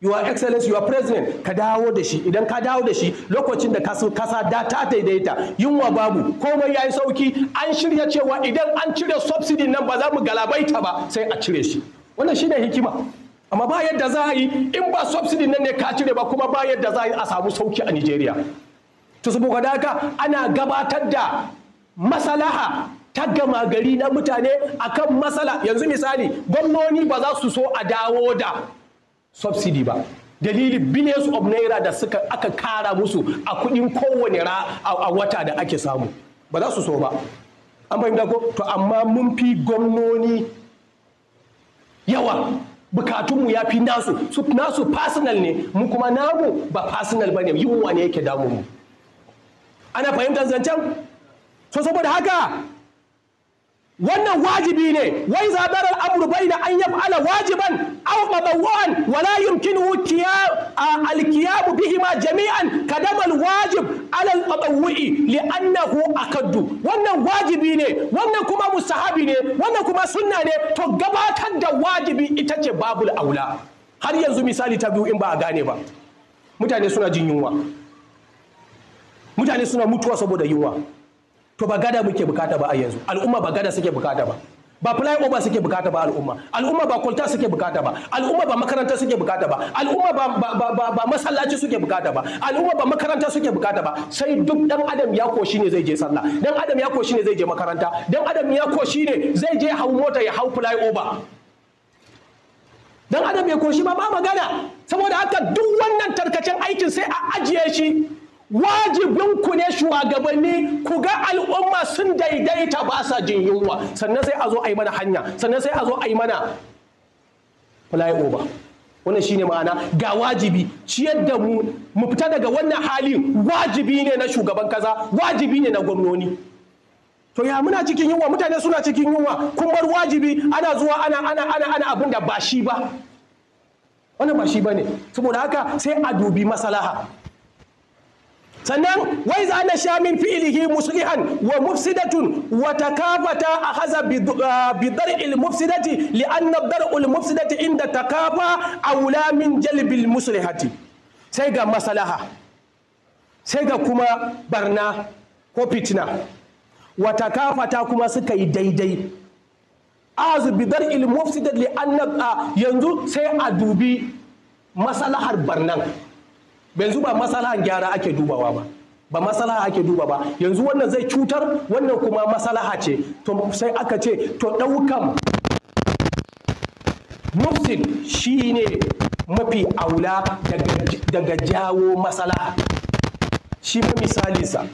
your excellence your president ka dawo da shi idan ka dawo da shi lokacin da kasa da ta daidaita yunwa babu komai ya yi sauki an shirya cewa idan an cire subsidy nan ba za mu galabaita ba sai a cire shi wannan shi ne hikima amma ba yadda za a yi in ba subsidy nan ne ka cire ba kuma ba yadda za a yi a samu sauki a Nigeria to saboda haka ana gabatar da masalaha ta gama gari na mutane akan masala yanzu misali gwamnoni ba za su so a dawo da subsidy ba dalili billions of naira da suka aka kara musu a kudin kowane ra a wata da ake samu ba za su so ba an fahimta ko to amma mun fi gwamnoni yawa bukatunmu ya fi nasu su nasu personal ne mu kuma namu ba personal ba ne yunwa ne yake damu mu ana fahimtar zancen so saboda haka wannan wajibi ne wai zabarar al'amur baina an yaf'ala wajiban aw mabawan wala yumkinu alkiyabu bihi bihima jami'an kadama al-wajib ala al-mabawi li'annahu akaddu wannan wajibi ne wannan kuma mustahabi ne wannan kuma sunna ne to gabatar da wajibi ita ce babul aula har yanzu misali ta biyu in ba a gane ba mutane suna jin yunwa mutane suna mutuwa saboda yunwa to ba gada muke bukata ba a yanzu al'umma ba gada suke bukata ba ba fly over suke bukata ba al'umma al'umma ba kwalta suke bukata ba al'umma ba makaranta suke bukata ba al'umma ba ba ba, ba masallaci suke bukata ba al'umma ba makaranta suke bukata ba sai duk dan adam ya koshi ne zai je sallah dan adam ya koshi ne zai je makaranta dan adam ya koshi ne zai je hau mota ya hau fly over. dan adam ya koshi ba ba magana saboda haka duk wannan tarkacen aikin sai a ajiye shi wajibinku ne shugabanni ku ga al'umma sun daidaita ba sa jin yunwa sannan sai a zo a yi mana hanya sannan sai a zo a yi mana flyover wannan shine ma'ana ga wajibi ciyar da mu mu fita daga wannan halin wajibi ne na shugaban kaza wajibi ne na gwamnoni to ya muna cikin yunwa mutane suna cikin yunwa kun bar wajibi ana zuwa ana ana ana ana abin da ba shi ba wannan ba shi ba ne saboda haka sai a dubi masalaha sannan wai za na sha min fi'ilihi muslihan wa mufsidatun wa takafata akhadha ah, bi dar'il mufsidati li anna dar'ul mufsidati inda takafa aula min jalbil muslihati sai ga masalaha sai ga kuma barna ko fitina wa takafata kuma suka yi daidai azu bi dar'il mufsidati li anna ah, yanzu sai a dubi masalahar barnan yanzu ba masalahan gyara ake dubawa ba ba masalaha ake duba ba yanzu wannan zai cutar wannan kuma masalaha ce to sai aka ce to ɗaukan mufsin shine mafi aula daga jawo masalaha shi fa sa.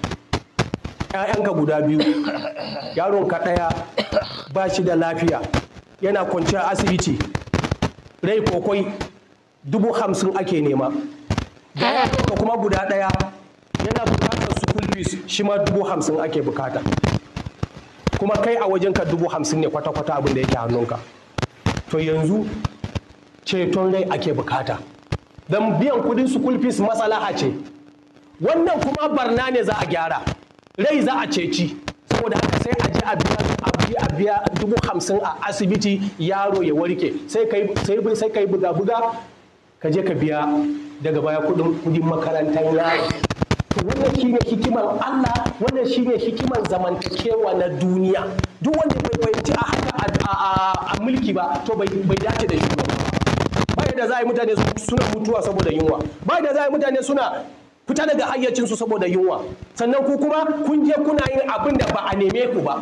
‘ya'yanka guda biyu yaronka ɗaya ba shi da lafiya yana kwanciyar asibiti rai kokwai dubu hamsin ake nema yaya kuma guda ɗaya yana bukatar school fees shi ma dubu hamsin ake bukata kuma kai a wajenka dubu hamsin ne kwata-kwata abin da yake hannunka to yanzu ceton rai ake bukata don biyan kudin school matsala matsalaha ce wannan kuma barna ne za a gyara rai za a ceci saboda haka sai a je a biya a biya dubu hamsin a asibiti yaro ya warke sai kai buga buga ka je ka biya daga baya kudin makarantar yaro wannan shine hikimar Allah wannan shine hikimar zamantakewa na duniya duk wanda bai fahimci a haka a mulki ba to bai dace da shi ba da za a yi mutane suna mutuwa saboda yunwa ba da za a yi mutane suna fita daga hayyacinsu saboda yunwa sannan ku kuma kun je kuna yin abin da ba a neme ku ba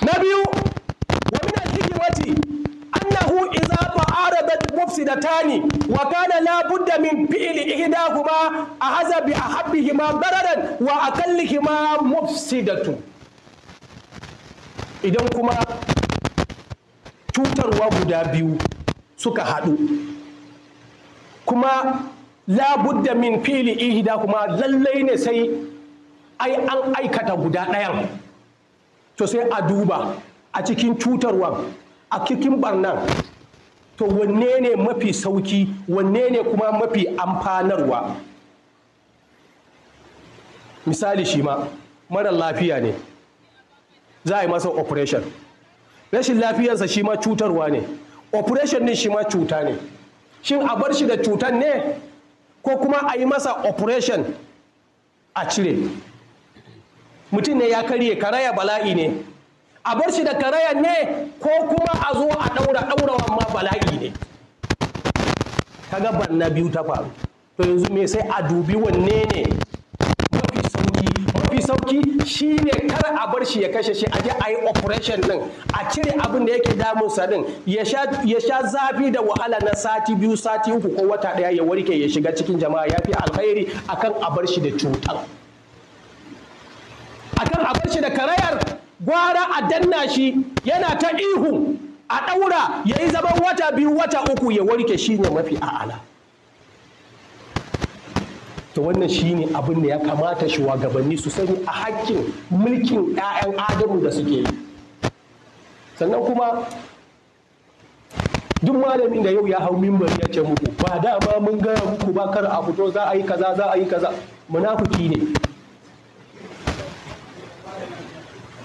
na biyu wa min al kad mufsidatani wa kana la budda min fi'li ihdahuma a bi ma bararan wa akallihima mufsidatu idan kuma cutarwa guda biyu suka hadu kuma la budda min fi'li ihdahuma lallai ne sai ai an aikata guda ɗayan to sai a duba a cikin cutarwa a cikin barnan to wanne ne mafi sauki wanne ne kuma mafi amfanarwa misali shi ma mara lafiya ne za a yi masa operation rashin lafiyarsa shi ma cutarwa ne operation ne shi ma cuta ne shin a bar shi da cutar ne ko kuma a yi masa operation a cire mutum ne ya karye karaya bala'i ne a bar shi da karayan ne ko kuma a zo a ɗaura ɗaurawan ma bala'i ne Ka ban na biyu ta faru to yanzu me sai a dubi wanne ne mafi sauki mafi sauki shine kar a bar shi ya kashe shi aje a yi operation din a cire abin da yake sa din ya sha zafi da wahala na sati biyu sati uku ko wata daya ya warke ya shiga cikin jama'a ya fi alkhairi akan a bar shi da cutar akan a bar shi da karayar gwara a danna shi yana ta ihu a ɗaura ya yi zaman wata biyu wata uku ya warke shi ne mafi a'ala to wannan shi ne abin da ya kamata shugabanni su sani a hakkin mulkin 'ya'yan adamu da suke yi sannan kuma duk malamin da yau ya hau mimbar ya ce muku ba dama mun gaya muku ba kar a fito za a yi kaza za a yi kaza munafiki ne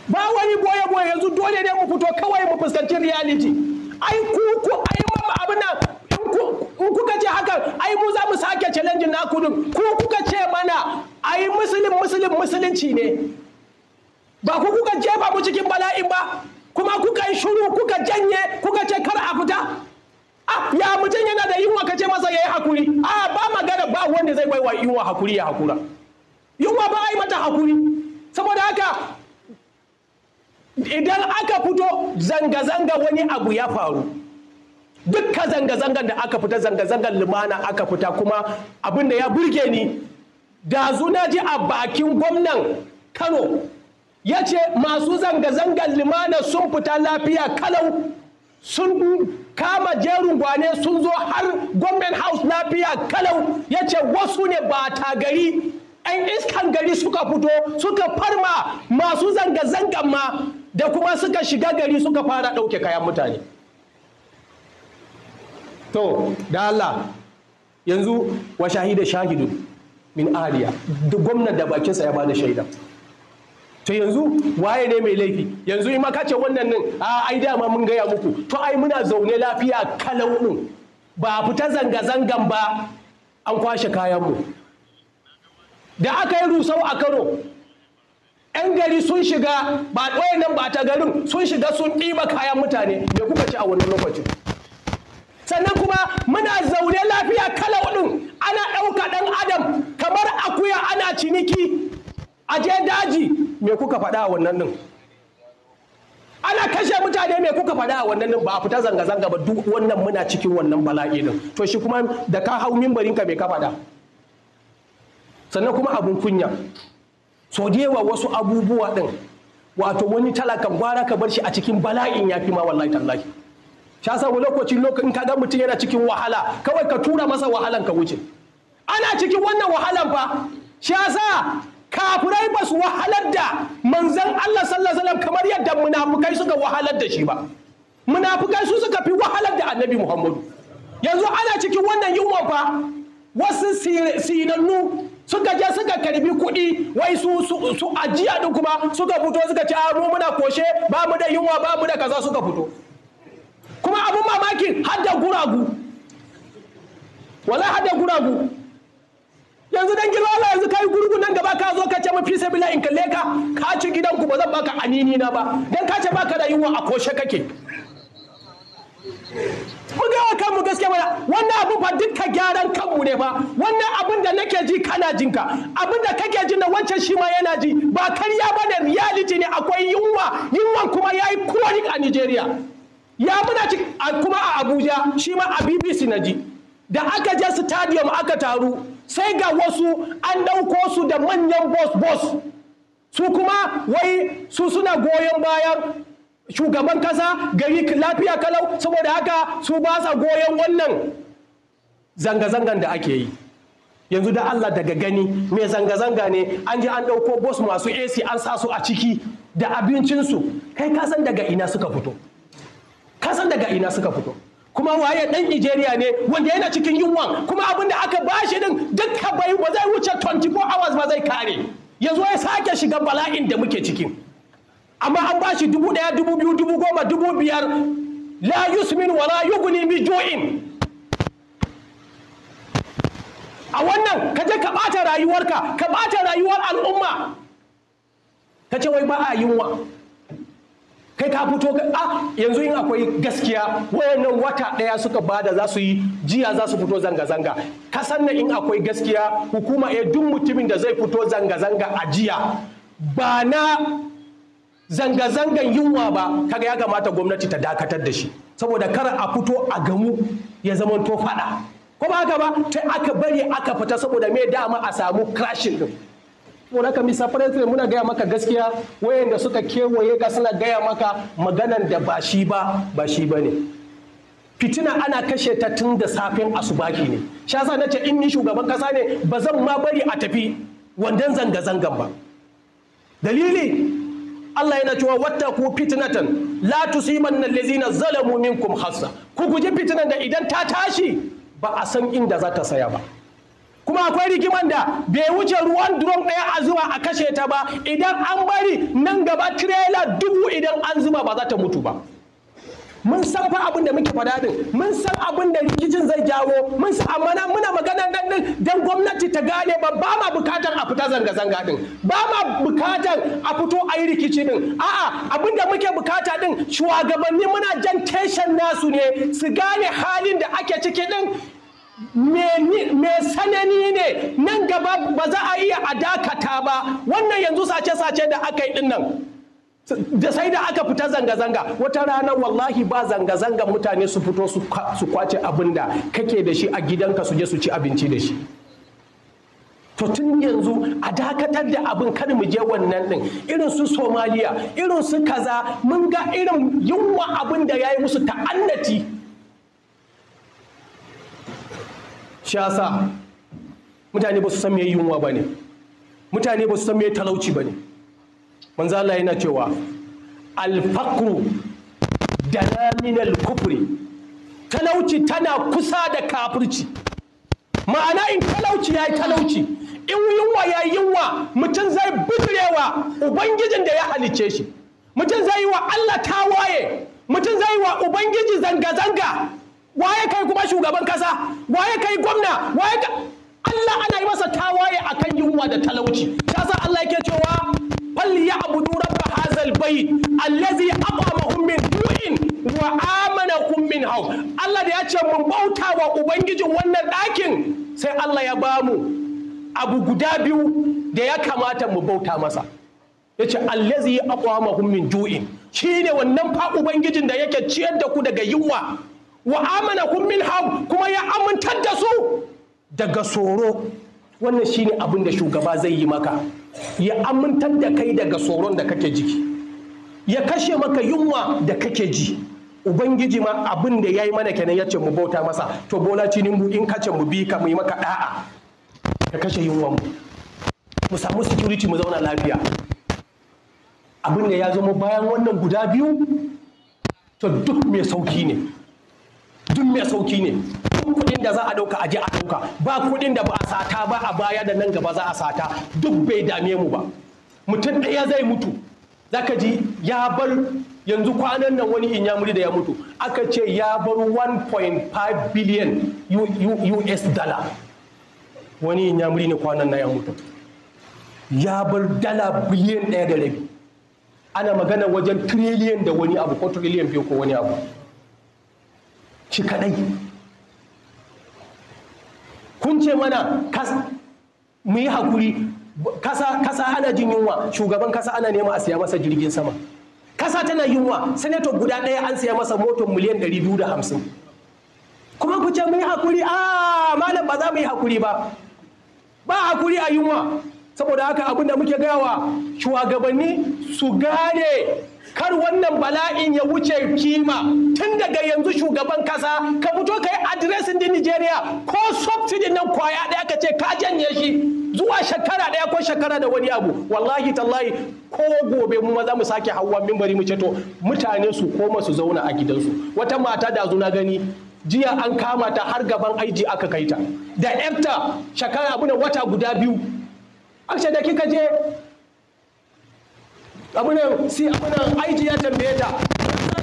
ba wani boye boye yanzu dole ne mu fito kawai mu fuskanci reality ai ku ku ai mu abin nan in kuka ce haka ai mu za mu sake challenge na kudin ku kuka ce mana ai musulun musulun musulunci ne ba ku kuka jefa mu cikin bala'in ba kuma kuka yi shuru kuka janye kuka ce kar a fita a ah, ya mutum yana da yunwa ka ce masa ya yi hakuri a ah, ba magana ba wanda zai baiwa yunwa hakuri ya hakura yunwa ba a yi mata hakuri saboda haka idan aka fito zanga-zanga wani abu ya faru dukka zanga-zangar da aka fita zanga-zangar lumana aka fita kuma abin da ya burge ni da zuna ji a bakin gwamnan kano ya ce masu zanga-zangar lumana sun fita lafiya kalau sun kama jerin gwane sun zo har gwamnan house lafiya kalau ya ce wasu ne ba ta gari 'yan iskan gari suka fito suka farma masu zanga zangar ma da kuma suka shiga gari suka fara ɗauke kayan mutane to da Allah yanzu wa shahida shahidu min ariya. duk gwamnan da bakinsa ya bada shaida to yanzu waye ne mai laifi yanzu in ma ka wannan nan a ai dama mun gaya muku to ai muna zaune lafiya kalau din ba a fita zanga zangan ba an kwashe kayan mu da aka yi rusau a karo. 'yan gari sun shiga ba ɗoyin nan ba ta garin sun shiga sun ɗiba kayan mutane me kuka ci a wannan lokacin sannan kuma muna zaune lafiya kala ɗin ana ɗauka ɗan adam kamar akuya ana ciniki a je daji me kuka faɗa a wannan ɗin ana kashe mutane me kuka faɗa a wannan ba a fita zanga-zanga ba duk wannan muna cikin wannan bala'i din to shi kuma da ka hau mimbarinka me ka faɗa sannan kuma abun kunya so da wasu abubuwa ɗin wato wani talakan gwara ka bar shi a cikin bala'in ya fi ma wallahi tallahi shi yasa wani lokaci lokacin ka ga mutum yana cikin wahala kawai ka tura masa wahalan ka wuce ana cikin wannan wahalan fa shi yasa kafirai ba su wahalar da manzan Allah sallallahu alaihi kamar yadda munafukai suka wahalar da shi ba munafukai su suka fi wahalar da annabi Muhammadu yanzu ana cikin wannan yunwa fa wasu sinannu suka je suka karbi kuɗi wai su su ajiya din kuma suka fito suka ce ah, mu muna koshe ba mu da yunwa ba mu da kaza suka fito kuma abun mamakin har da guragu wallahi har da guragu yanzu dan gila Allah yanzu kai gurgu nan gaba ka zo ka ce mafi sabila in kalle ka ka ci gidanku ba zan baka anini na ba dan ka ce baka da yunwa a koshe kake mu ga kanmu gaskiya mana wannan abu ba dukka gyaran kanmu ne ba wannan abin da nake ji kana jinka abin da kake ji na wancan shi ma yana ji ba karya ba ya reality ne akwai yunwa yunwan kuma ya yi chronic a Nigeria ya muna ci kuma a Abuja shi ma a BBC na ji da aka je stadium aka taru sai ga wasu an dauko su da manyan boss boss su kuma wai su suna goyon bayan shugaban kasa gari lafiya kalau saboda haka su ba sa goyon wannan zanga-zangan da ake yi yanzu da Allah daga gani mai zanga-zanga ne an ji an ɗauko bos masu AC an sa su a ciki da abincinsu kai kasan daga ina suka fito kasan daga ina suka fito kuma waye dan Nigeria ne wanda yana cikin yunwan kuma abin da aka ba shi din dukka bai ba zai wuce 24 hours ba zai kare yanzu ya sake shiga bala'in da muke cikin amma an ba shi dubu ɗaya dubu biyu dubu goma dubu biyar la yusmin wala yuguni mi jo'in a wannan ka je ka ɓata rayuwarka ka ɓata rayuwar al'umma ka ce wai ba a yunwa kai ka fito ka a ah, yanzu in akwai gaskiya wayannan wata ɗaya suka bada za su yi jiya za su fito zanga-zanga kasan na in akwai gaskiya hukuma ya duk mutumin da zai fito zanga-zanga a jiya ba na zanga-zangan yunwa ba kaga ya kamata gwamnati ta dakatar da shi saboda kar a fito a gamu ya zama to fada ko ba haka ba ta aka bari aka fita saboda me dama a samu crashing din mu naka misa president muna gaya maka gaskiya wayanda suka kewaye ka suna gaya maka maganan da ba shi ba ba shi ba ne fitina ana kashe ta tun da safin asubaki ne shi yasa nace in ni shugaban kasa ne ba zan ma bari a tafi wandan zanga-zangan ba dalili Allah yana cewa ku fitnatan la tusibanna allazina zalamu minkum khassa ku guji fitnan da idan ta tashi ba a san inda za ta saya ba kuma akwai rigiman da bai wuce ruwan durom ɗaya a zuwa a kashe ta ba idan an bari nan gaba tirela dubu idan an zuma ba za ta mutu ba mun san fa abin da muke faɗa din mun san abin da rikicin zai jawo mun san amma na muna magana dan din dan gwamnati ta gane ba ba ma bukatar a fita zanga zanga din ba ma bukatar a fito a yi rikici din a'a abin da muke bukata din shugabanni muna jan tension nasu ne su gane halin da ake ciki din me sanani ne nan gaba ba za a iya a dakata ba wannan yanzu sace-sace da aka yi din nan da sai da aka fita zanga-zanga wata rana wallahi ba zanga-zanga mutane su fito su kwace abinda kake da shi a gidanka su je su ci abinci da shi to tun yanzu a dakatar da abin kan mu je wannan din irin su somaliya irin su kaza mun ga irin yunwa abin da ya yi musu ta'annati Shasa, mutane ba su san me yunwa ba ne mutane ba su san me talauci ba ne manzo Allah yana cewa alfaqru al kufri talauci tana kusa da kafirci ma'ana in talauci yayi talauci in yunwa ya yi yunwa mutum zai bidirewa ubangijin da ya halice shi mutum zai yi wa Allah tawaye mutum zai yi wa ubangiji zanga-zanga waye kai kuma shugaban kasa waye kai gwamna waye Allah ana yi masa tawaye akan yunwa da talauci ta sa Allah yake cewa wa ubangijin wannan ɗakin sai Allah ya ba mu abu guda biyu da ya kamata mu bauta masa ya ce akwa aqwamahum min ju'in shine wannan fa ubangijin da yake ciyar da ku daga yunwa wa amana min hau kuma ya amintar da su daga tsoro wannan shine abin da shugaba zai yi maka ya amintar da kai daga tsoron da kake jiki ya kashe maka yunwa da kake ji ubangiji ma abin da ya yi mana kenan ya ce mu bauta masa to bola tinubu in kace mu bi ka mu yi maka da'a ka kashe yunwan mu mu samu security mu zauna lafiya abin da ya zama bayan wannan guda biyu to duk mai sauki ne duk mai sauki ne duk kuɗin da za a ɗauka a je a ɗauka ba kuɗin da ba a sata ba a baya da nan gaba za a sata duk bai dame mu ba mutum ɗaya zai mutu zaka ji ya bar yanzu kwanan nan wani in muri da ya mutu aka ce ya bar 1.5 billion us dollar wani in muri ne kwanan nan ya mutu ya bar dala biliyan ɗaya da rabi ana magana wajen trillion da wani abu ko trillion biyu ko wani abu shi kadai kun ce mana mu yi hakuri kasa ana jin yunwa shugaban kasa ana nema a siya masa jirgin sama kasa tana yunwa sanato guda ɗaya an siya masa motar miliyan 250 kuma ku ce mun yi hakuri a malam ba za mu yi hakuri ba ba hakuri a yunwa saboda haka abun da muke gaya wa shugabanni su gane kar wannan bala'in ya wuce kima tun daga yanzu shugaban kasa ka fito ka yi adiresin din Nigeria ko subsidy nan kwaya ɗaya ka ce ka janye shi zuwa shekara ɗaya ko shekara da wani abu wallahi tallahi ko gobe mu maza mu sake hawa mimbari mu ce to mutane su koma su zauna a gidansu wata mata da zuna gani jiya an kama ta har gaban aiji aka kai ta da yarta shekara abu wata guda biyu aka ce da kika je abinan si abinan aiki ya tambaye ta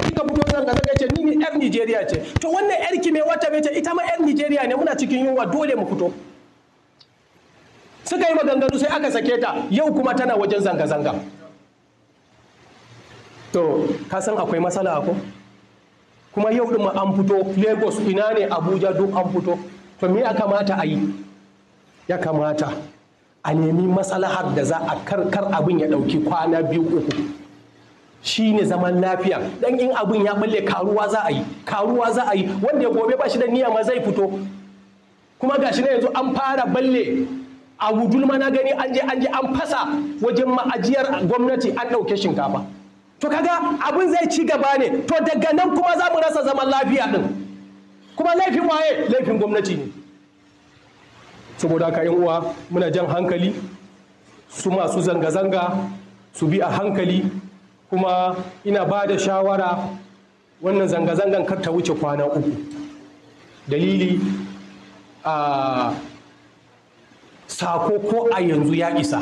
kika fito zanga zanga ce ni yar Nijeriya ce to wannan yar kime wata bai ce ita ma yar Nijeriya ne muna cikin yunwa dole mu fito suka yi maganganu sai aka sake ta yau kuma tana wajen zanga zanga to ka san akwai matsala ko kuma yau din ma an fito Lagos ina ne Abuja duk an fito to me ya kamata a ya kamata a nemi masalahar da za a karkar abin ya ɗauki kwana biyu uku shi ne zaman lafiya dan in abin ya balle karuwa za a yi karuwa za a yi wanda ya gobe ba shi da niyya ma zai fito kuma gashi na yanzu an fara balle a wujul mana na gani an je an je an fasa wajen ma'ajiyar gwamnati an ɗauke shinkafa to kaga abin zai ci gaba ne to daga nan kuma za mu rasa zaman lafiya din kuma laifin waye laifin gwamnati ne saboda haka yan uwa muna jan hankali su masu zanga-zanga su bi a hankali kuma ina ba da shawara wannan zanga-zangan kar ta wuce kwana uku dalili a ah, sako ko a yanzu ya isa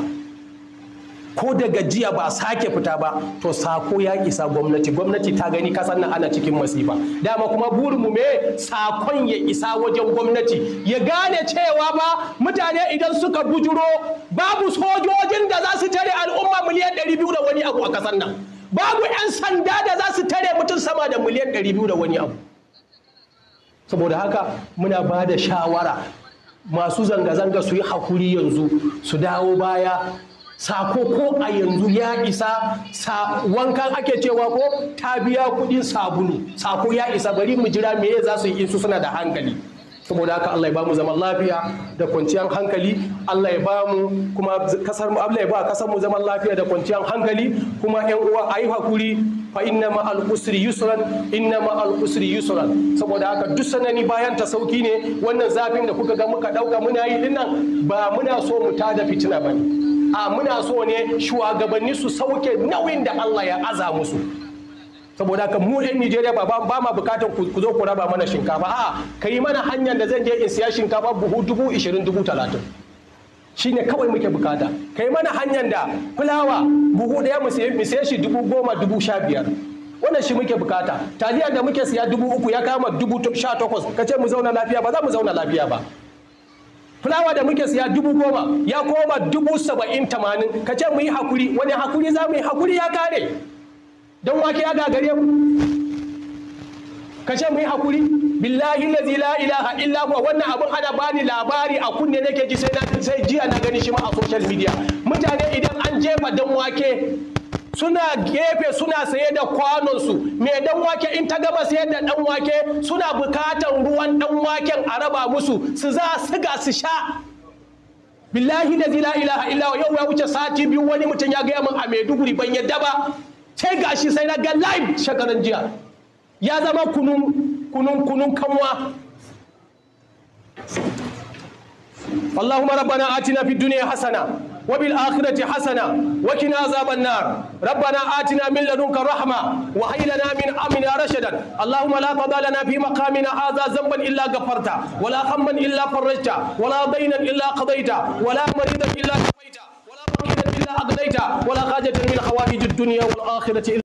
ko da gajiya ba sake fita ba to sako ya isa gwamnati gwamnati ta gani kasan nan ana cikin masifa dama kuma burinmu me sakon ya isa wajen gwamnati ya gane cewa ba mutane idan suka bujuro babu sojojin da za su tare al'umma miliyan 200 da wani abu a kasan nan babu 'yan sanda da za su tare mutum sama da miliyan 200 da wani abu saboda haka muna ba da shawara masu zanga-zanga su yi hakuri yanzu su dawo baya sako ko a yanzu ya isa wankan ake cewa ko ta biya kudin sabulu sako ya isa bari mu jira me za su yi su suna da hankali saboda haka Allah ya bamu zaman lafiya da kwanciyar hankali Allah ya bamu kuma kasar mu Allah ya ba kasar mu zaman lafiya da kwanciyar hankali kuma ƴan uwa ayi hakuri fa inna ma al usri yusran inna ma al usri yusran saboda haka duk sanani bayan ta sauki ne wannan zafin da kuka ga muka dauka muna yi dinnan ba muna so mu ta da fitina bane a muna so ne shugabanni su sauke nauyin da Allah ya aza musu saboda ka mu yan Nijeriya ba ba ma bukatar ku zo ku raba mana shinkafa a'a kai mana hanyar da zan je in siya shinkafa buhu dubu ishirin dubu talatin shine kawai muke bukata kai mana hanyar da fulawa buhu daya mu siya shi dubu goma dubu sha biyar wannan shi muke bukata taliya da muke siya dubu uku ya kama dubu sha takwas ka ce mu zauna lafiya ba za mu zauna lafiya ba fulawa da muke siya dubu goma ya koma dubu saba'in tamanin ka ce mu yi hakuri wani hakuri za mu yi hakuri ya kare don wake ya gagare mu ka ce mu yi hakuri billahi na zila ilaha illa kuwa wannan abun ana bani labari a kunne nake ji sai jiya na gani shi ma a social media mutane idan an jefa dan wake suna gefe suna saye da kwanonsu mai dan wake in ta gama sayar da dan wake suna bukatan ruwan dan waken a raba musu su za ga su sha billahi da la ilaha illa yau ya wuce sati biyu wani mutum ya gaya min a maiduguri ban yadda ba sai gashi sai na ga live shekaran jiya ya zama kunun kunun kunun kanwa اللهم ربنا آتنا في الدنيا حسنه wabil akhirati hasana wa kina azaban nar rabbana atina min ladunka rahma wa na min amina rashadan allahumma la na fi maqamina aza zamban illa ghafarta wa la hamman illa farajta wa la daynan illa qadayta wa maridan illa shafaita wa la illa aqdayta wa la hajatan min hawajij ad-dunya wal akhirati